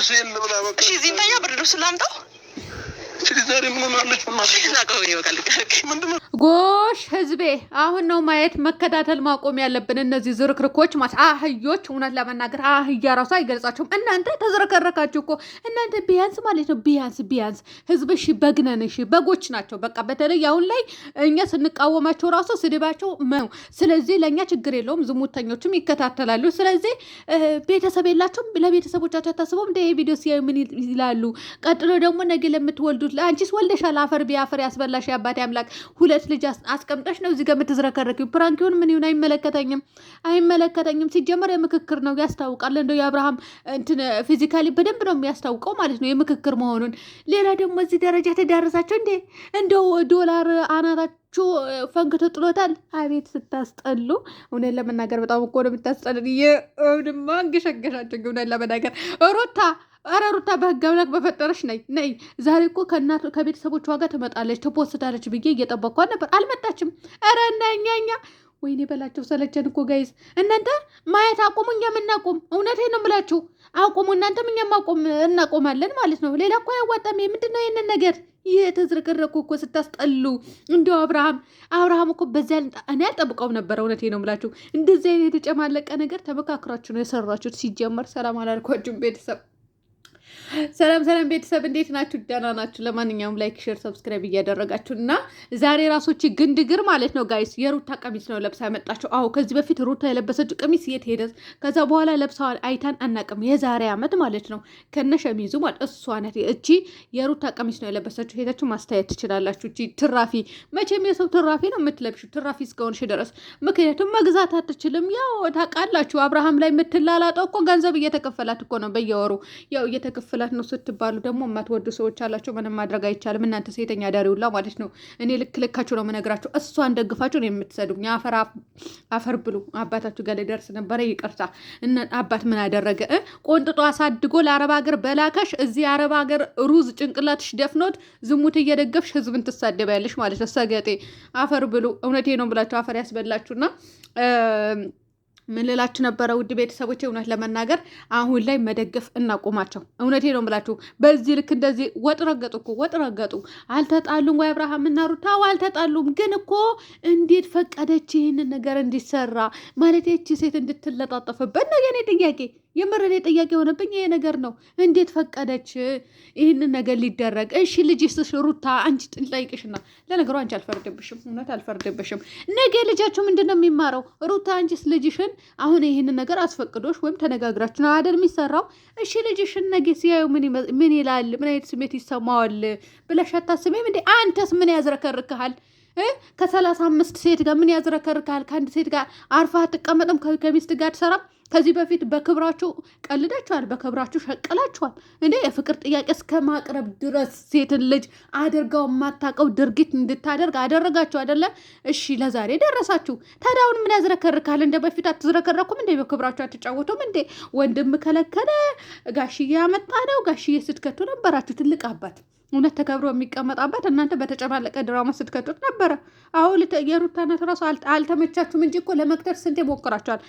እሺ፣ እዚህ እንተኛ ብርድ ልብስ ላምጣው። ጎሽ ህዝቤ፣ አሁን ነው ማየት መከታተል ማቆም ያለብን። እነዚህ ዝርክርኮች ማለት አህዮች፣ እውነት ለመናገር አህያ ራሱ አይገልጻቸውም። እናንተ ተዝረከረካችሁ እኮ እናንተ ቢያንስ ማለት ነው ቢያንስ ቢያንስ ህዝብ ሺ በግነን ሺ በጎች ናቸው። በቃ በተለይ አሁን ላይ እኛ ስንቃወማቸው ራሱ ስድባቸው ነው። ስለዚህ ለእኛ ችግር የለውም፣ ዝሙተኞችም ይከታተላሉ። ስለዚህ ቤተሰብ የላቸውም። ለቤተሰቦቻቸው ታስቦም ይሄ ቪዲዮ ሲያዩ ምን ይላሉ? ቀጥሎ ደግሞ ነገ ለምትወልዱ የሚሉት? አንቺስ ወልደሻል፣ አፈር ቢያፈር ያስበላሽ የአባቴ አምላክ። ሁለት ልጅ አስቀምጠሽ ነው እዚህ ጋር የምትዝረከረኪው። ምን ይሁን አይመለከተኝም፣ አይመለከተኝም። ሲጀመር የምክክር ነው ያስታውቃል። እንደው የአብርሃም እንትን ፊዚካሊ በደንብ ነው የሚያስታውቀው ማለት ነው የምክክር መሆኑን። ሌላ ደግሞ እዚህ ደረጃ ተዳረሳቸው እንዴ! እንደው ዶላር አናታ ፈንክ ተጥሎታል። አቤት ስታስጠሉ! እውነት ለመናገር በጣም እኮ ነው የምታስጠሉ። የእውንማ እንገሸገሻቸው። እውነት ለመናገር ሩታ አረ ሩታ በህግ አምላክ በፈጠረሽ ነይ ነይ። ዛሬ እኮ ከእናቱ ከቤተሰቦቿ ጋር ትመጣለች ትፖስታለች ብዬ እየጠበኳት ነበር፣ አልመጣችም። ኧረ እናኛኛ ወይኔ በላቸው። ሰለቸን እኮ ጋይዝ፣ እናንተ ማየት አቁሙ፣ እኛም እናቁም። እውነቴን ነው የምላችሁ፣ አቁሙ እናንተም እኛም አቁም፣ እናቆማለን ማለት ነው። ሌላ እኮ አያዋጣም። ምንድን ነው ይህንን ነገር የተዝረከረኩ እኮ ስታስጠሉ። እንደው አብርሃም አብርሃም እኮ በዚያ እኔ አልጠብቀውም ነበረ። እውነቴ ነው ምላችሁ እንደዚህ አይነት የተጨማለቀ ነገር ተመካክራችሁ ነው የሰራችሁት። ሲጀመር ሰላም አላልኳችሁም ቤተሰብ ሰላም ሰላም ቤተሰብ እንዴት ናችሁ? ደህና ናችሁ? ለማንኛውም ላይክ፣ ሼር፣ ሰብስክራይብ እያደረጋችሁ እና ዛሬ ራሶች ግንድግር ማለት ነው ጋይስ የሩታ ቀሚስ ነው ለብሳ ያመጣቸው። አዎ ከዚህ በፊት ሩታ የለበሰችው ቀሚስ የት ሄደ? ከዛ በኋላ ለብሰዋል አይታን አናቅም። የዛሬ አመት ማለት ነው ከነ ሸሚዙ ማለት እሱ አይነት እቺ የሩታ ቀሚስ ነው የለበሰችው። ሄዳችሁ ማስተያየት ትችላላችሁ። እቺ ትራፊ መቼም የሰው ትራፊ ነው የምትለብሹ ትራፊ እስከሆንሽ ድረስ ምክንያቱም መግዛት አትችልም። ያው ታውቃላችሁ አብርሃም ላይ የምትላላጠው እኮ ገንዘብ እየተከፈላት እኮ ነው በየወሩ ያው እየተከፈ ክፍለት ነው ስትባሉ ደግሞ የማትወዱ ሰዎች አላቸው። ምንም ማድረግ አይቻልም። እናንተ ሴተኛ ዳሪውላ ማለት ነው። እኔ ልክ ልካችሁ ነው የምነግራችሁ። እሷን ደግፋችሁ ነው የምትሰዱኝ። አፈር ብሉ። አባታችሁ ጋር ሊደርስ ነበረ። ይቅርታ አባት ምን አደረገ? ቆንጥጦ አሳድጎ ለአረብ ሀገር በላከሽ። እዚህ የአረብ ሀገር ሩዝ ጭንቅላትሽ ደፍኖት ዝሙት እየደገፍሽ ህዝብን ትሳደቢያለሽ ማለት ነው። ሰገጤ አፈር ብሉ። እውነቴ ነው ብላችሁ አፈር ያስበላችሁና ምን ልላችሁ ነበረ ውድ ቤተሰቦች፣ እውነት ለመናገር አሁን ላይ መደገፍ እናቆማቸው። እውነቴ ነው ብላችሁ በዚህ ልክ እንደዚህ ወጥ ረገጡ እኮ ወጥ ረገጡ። አልተጣሉም ወይ አብርሃም እና ሩታ? አልተጣሉም። ግን እኮ እንዴት ፈቀደች ይህንን ነገር እንዲሰራ? ማለት ይቺ ሴት እንድትለጣጠፍበት ነው የኔ ጥያቄ። የምር እኔ ጥያቄ የሆነብኝ ይሄ ነገር ነው። እንዴት ፈቀደች ይህንን ነገር ሊደረግ? እሺ ልጅሽ ሩታ አንቺ ልጠይቅሽና፣ ለነገሩ አንቺ አልፈርድብሽም፣ እውነት አልፈርድብሽም። ነገ ልጃችሁ ምንድን ነው የሚማረው? ሩታ አንቺስ ልጅሽን አሁን ይህንን ነገር አስፈቅዶሽ ወይም ተነጋግራችሁ ነው አይደል የሚሰራው? እሺ ልጅሽን ነገ ሲያዩ ምን ይላል? ምን አይነት ስሜት ይሰማዋል ብለሽ አታስቢም እንዴ? አንተስ ምን ያዝረከርክሃል? ከሰላሳ አምስት ሴት ጋር ምን ያዝረከርክሃል? ከአንድ ሴት ጋር አርፋ አትቀመጥም? ከሚስት ጋር ትሰራም ከዚህ በፊት በክብራችሁ ቀልዳችኋል፣ በክብራችሁ ሸቀላችኋል። እኔ የፍቅር ጥያቄ እስከ ማቅረብ ድረስ ሴትን ልጅ አድርገው የማታውቀው ድርጊት እንድታደርግ አደረጋችሁ አደለ? እሺ ለዛሬ ደረሳችሁ። ታዲያ አሁን ምን ያዝረከርካል? እንደ በፊት አትዝረከረኩም እንዴ? በክብራችሁ አትጫወቱም እንዴ? ወንድም ከለከለ፣ ጋሽዬ ያመጣ ነው። ጋሽዬ ስትከቱ ነበራችሁ ትልቅ አባት እውነት ተከብሮ የሚቀመጣበት እናንተ በተጨማለቀ ድራማ ስትከቱት ነበረ። አሁን የሩታ እናት ራሱ አልተመቻችሁም እንጂ እኮ ለመክተር ስንት ሞክራችኋል፣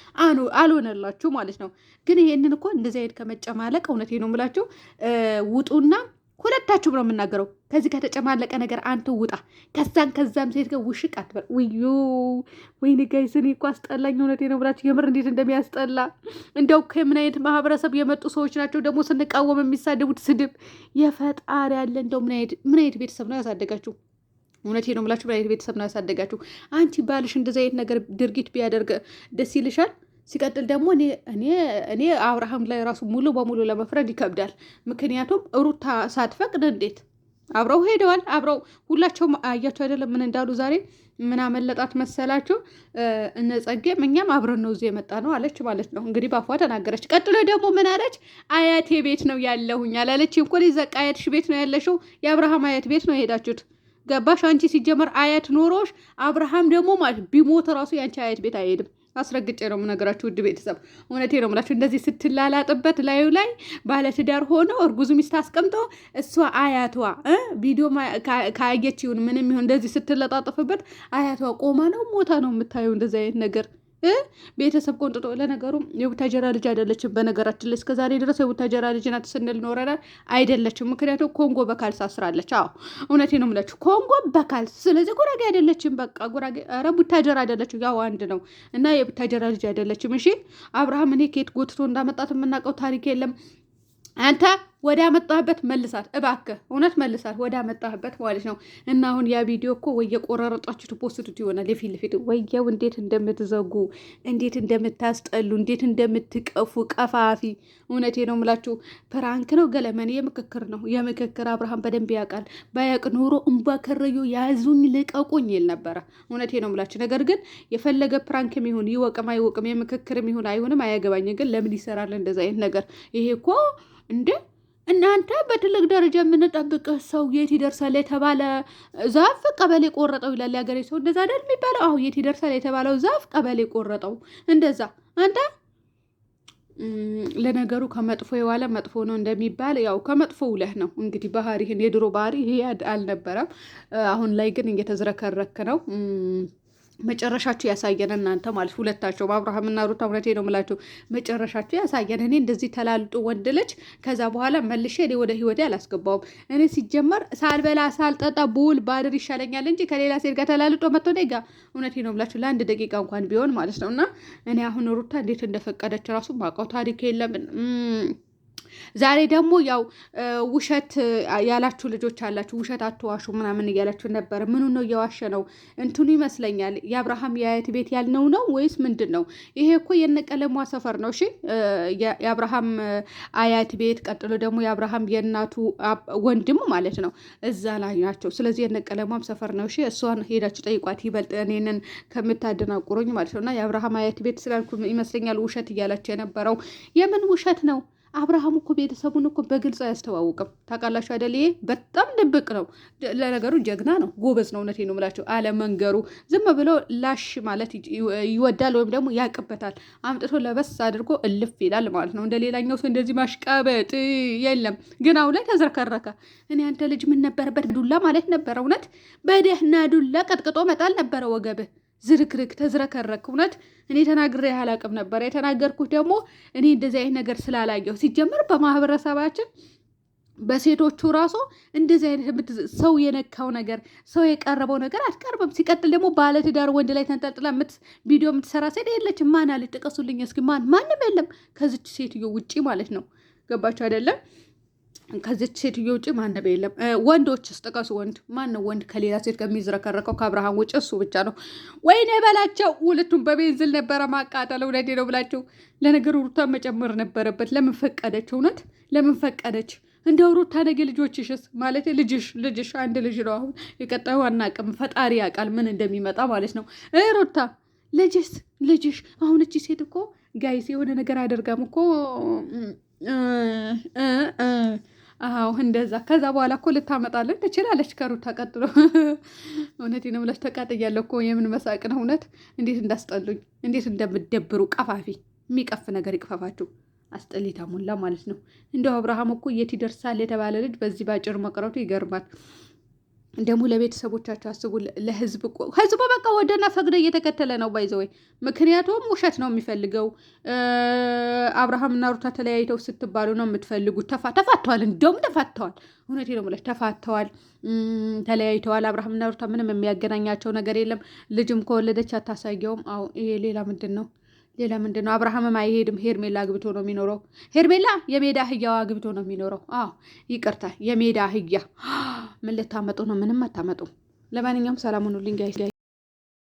አልሆነላችሁ ማለት ነው። ግን ይሄንን እኮ እንደዚህ አይነት ከመጨማለቅ እውነት ነው የምላችሁ ውጡና ሁለታችሁም ነው የምናገረው። ከዚህ ከተጨማለቀ ነገር አንተ ውጣ። ከዛን ከዛም ሴት ጋር ውሽቅ አትበል። ውዩ ወይኔ ጋይስ እኔ እኮ አስጠላኝ። እውነቴ ነው ብላችሁ የምር እንዴት እንደሚያስጠላ እንደው ከምን አይነት ማህበረሰብ የመጡ ሰዎች ናቸው ደግሞ ስንቃወም የሚሳደቡት ስድብ። የፈጣሪ ያለ እንደው ምን አይነት ቤተሰብ ነው ያሳደጋችሁ? እውነቴ ነው ብላችሁ ምን አይነት ቤተሰብ ነው ያሳደጋችሁ? አንቺ ባልሽ እንደዚህ አይነት ነገር ድርጊት ቢያደርግ ደስ ይልሻል? ሲቀጥል ደግሞ እኔ አብርሃም ላይ ራሱ ሙሉ በሙሉ ለመፍረድ ይከብዳል። ምክንያቱም ሩታ ሳትፈቅድ እንዴት አብረው ሄደዋል። አብረው ሁላቸውም አያቸው አይደለም ምን እንዳሉ ዛሬ ምን አመለጣት መሰላችሁ? እነ ጸጌም እኛም አብረን ነው እዚህ የመጣ ነው አለች ማለት ነው። እንግዲህ በአፏ ተናገረች። ቀጥሎ ደግሞ ምን አለች? አያቴ ቤት ነው ያለሁኝ አላለች እኮ ዘቅ አያትሽ ቤት ነው ያለሽው። የአብርሃም አያት ቤት ነው የሄዳችሁት። ገባሽ? አንቺ ሲጀመር አያት ኖሮሽ አብርሃም ደግሞ ማለት ቢሞት ራሱ የአንቺ አያት ቤት አይሄድም። አስረግጬ ነው የምነግራችሁ ውድ ቤተሰብ፣ እውነቴ ነው የምላችሁ። እንደዚህ ስትላላጥበት ላዩ ላይ ባለትዳር ሆኖ እርጉዝ ሚስት አስቀምጦ እሷ አያቷ ቪዲዮ ካየች ይሁን ምንም ይሁን እንደዚህ ስትለጣጠፍበት አያቷ ቆማ ነው ሞታ ነው የምታየው እንደዚህ አይነት ነገር ቤተሰብ ቆንጥጦ። ለነገሩ የቡታጀራ ልጅ አይደለችም። በነገራችን ላይ እስከዛሬ ድረስ የቡታጀራ ልጅ ናት ስንል ኖረናል። አይደለችም፣ ምክንያቱም ኮንጎ በካልስ አስራለች። አዎ እውነቴ ነው የምላችሁ፣ ኮንጎ በካልስ ስለዚህ ጉራጌ አይደለችም። በቃ ጉራጌ፣ ኧረ ቡታጀራ አይደለችም። ያው አንድ ነው እና የቡታጀራ ልጅ አይደለችም። እሺ አብርሃም፣ እኔ ኬት ጎትቶ እንዳመጣት የምናውቀው ታሪክ የለም አንተ ወደ አመጣህበት መልሳት፣ እባክህ እውነት መልሳት፣ ወደ አመጣህበት ማለት ነው። እና አሁን ያ ቪዲዮ እኮ ወይ የቆራረጣችሁ ትፖስቱት ይሆናል የፊት ለፊት ወየው፣ እንዴት እንደምትዘጉ፣ እንዴት እንደምታስጠሉ፣ እንዴት እንደምትቀፉ ቀፋፊ። እውነቴ ነው የምላችሁ፣ ፕራንክ ነው ገለመኔ የምክክር ነው የምክክር። አብርሃም በደንብ ያውቃል። ባያቅ ኑሮ እንባ ከረዩ ያዙኝ ልቀቁኝ ይል ነበረ። እውነቴ ነው የምላችሁ። ነገር ግን የፈለገ ፕራንክም ይሁን ይወቅም አይወቅም የምክክርም ይሁን አይሆንም አያገባኝ። ግን ለምን ይሰራል እንደዚ አይነት ነገር? ይሄ እኮ እንዴ እናንተ በትልቅ ደረጃ የምንጠብቅ ሰው የት ይደርሳል የተባለ ዛፍ ቀበሌ ቆረጠው ይላል የሀገሬ ሰው። እንደዛ አይደል የሚባለው? አሁ የት ይደርሳል የተባለው ዛፍ ቀበሌ ቆረጠው። እንደዛ አንተ ለነገሩ ከመጥፎ የዋለ መጥፎ ነው እንደሚባል ያው ከመጥፎ ውለህ ነው እንግዲህ ባህሪህን። የድሮ ባህሪ ይሄ አልነበረም። አሁን ላይ ግን እየተዝረከረክ ነው። መጨረሻችሁ ያሳየን እናንተ ማለት በአብርሃም እና ሩታ እውነቴን ነው የምላችሁ መጨረሻችሁ ያሳየን። እኔ እንደዚህ ተላልጡ ወንድ ልጅ ከዛ በኋላ መልሼ እኔ ወደ ህይወቴ አላስገባውም። እኔ ሲጀመር ሳልበላ ሳልጠጣ ብውል ባድር ይሻለኛል እንጂ ከሌላ ሴት ጋር ተላልጦ መጥቶ እኔ ጋ እውነቴ ነው የምላቸው ለአንድ ደቂቃ እንኳን ቢሆን ማለት ነው። እና እኔ አሁን ሩታ እንዴት እንደፈቀደች ራሱ ማውቀው ታሪክ የለም ዛሬ ደግሞ ያው ውሸት ያላችሁ ልጆች አላችሁ፣ ውሸት አትዋሹ ምናምን እያላችሁ ነበር። ምኑ ነው እየዋሸ ነው? እንትኑ ይመስለኛል የአብርሃም የአያት ቤት ያልነው ነው ወይስ ምንድን ነው? ይሄ እኮ የነቀለሟ ሰፈር ነው። እሺ የአብርሃም አያት ቤት፣ ቀጥሎ ደግሞ የአብርሃም የእናቱ ወንድም ማለት ነው፣ እዛ ላይ ናቸው። ስለዚህ የነቀለሟም ሰፈር ነው። እሺ እሷን ሄዳችሁ ጠይቋት፣ ይበልጥ እኔንን ከምታደናቁሩኝ ማለት ነው። እና የአብርሃም አያት ቤት ስላልኩ ይመስለኛል ውሸት እያላችሁ የነበረው የምን ውሸት ነው? አብርሃም እኮ ቤተሰቡን እኮ በግልጽ አያስተዋውቅም። ታውቃላችሁ አይደል? ይሄ በጣም ድብቅ ነው። ለነገሩ ጀግና ነው፣ ጎበዝ ነው። እውነቴን ነው የምላቸው። አለመንገሩ ዝም ብሎ ላሽ ማለት ይወዳል፣ ወይም ደግሞ ያቅበታል። አምጥቶ ለበስ አድርጎ እልፍ ይላል ማለት ነው። እንደ ሌላኛው ሰው እንደዚህ ማሽቀበጥ የለም። ግን አሁን ላይ ተዝረከረከ። እኔ አንተ ልጅ ምን ነበረበት? ዱላ ማለት ነበረ። እውነት በደህና ዱላ ቀጥቅጦ መጣል ነበረ ወገብህ ዝርክርክ ተዝረከረክ። እውነት እኔ ተናግሬ አላቅም ነበር። የተናገርኩት ደግሞ እኔ እንደዚህ አይነት ነገር ስላላየሁ ሲጀመር በማህበረሰባችን በሴቶቹ ራሱ እንደዚህ አይነት ሰው የነካው ነገር ሰው የቀረበው ነገር አትቀርብም። ሲቀጥል ደግሞ ባለትዳር ወንድ ላይ ተንጠልጥላ ቪዲዮ የምትሰራ ሴት የለች። ማን አለ ጥቀሱልኝ እስኪ ማን? ማንም የለም ከዚች ሴትዮ ውጪ ማለት ነው። ገባችሁ አይደለም? ከዚች ሴትዮ ውጭ ማንም የለም። ወንዶችስ ጥቀሱ። ወንድ ነው ወንድ ከሌላ ሴት ከሚዝረከረከው ከአብርሃም ውጭ እሱ ብቻ ነው። ወይኔ በላቸው። ሁለቱም በቤንዝል ነበረ ማቃጠለው። ለዴ ነው ብላቸው። ለነገሩ ሩታ መጨመር ነበረበት። ለምን ፈቀደች? እውነት ለምን ፈቀደች? እንደው ሩታ ነገ ልጆችሽስ ማለት ልጅሽ ልጅሽ አንድ ልጅ ነው። አሁን የቀጣዩ አናውቅም። ፈጣሪ ያውቃል ምን እንደሚመጣ ማለት ነው። ሩታ ልጅስ ልጅሽ አሁን እቺ ሴት እኮ ጋይስ የሆነ ነገር አደርጋም እኮ አዎ እንደዛ። ከዛ በኋላ እኮ ልታመጣለን ትችላለች ከሩታ ቀጥሎ። እውነቴን ነው የምልሽ፣ ተቃጥያለሁ እኮ የምን መሳቅ ነው እውነት። እንዴት እንዳስጠሉኝ፣ እንዴት እንደምደብሩ ቀፋፊ። የሚቀፍ ነገር ይቅፈፋችሁ። አስጠሊታ ሞላ ማለት ነው። እንደው አብርሃም እኮ የት ይደርሳል የተባለ ልጅ በዚህ ባጭር መቅረቱ ይገርማል። ደግሞ ለቤተሰቦቻቸው አስቡ። ለህዝብ ህዝቡ በቃ ወደና ፈቅደ እየተከተለ ነው ባይዘወይ። ምክንያቱም ውሸት ነው የሚፈልገው። አብርሃም እና ሩታ ተለያይተው ስትባሉ ነው የምትፈልጉት። ተፋተዋል፣ እንደውም ተፋተዋል። እውነቴ ነው የምልሽ ተፋተዋል፣ ተለያይተዋል። አብርሃምና ሩታ ምንም የሚያገናኛቸው ነገር የለም። ልጅም ከወለደች አታሳየውም። አዎ ይሄ ሌላ ምንድን ነው? ሌላ ምንድን ነው? አብርሃምም አይሄድም። ሄርሜላ አግብቶ ነው የሚኖረው። ሄርሜላ የሜዳ አህያዋ አግብቶ ነው የሚኖረው። አዎ ይቅርታ፣ የሜዳ አህያ። ምን ልታመጡ ነው? ምንም አታመጡም። ለማንኛውም ሰላም ሁኑልኝ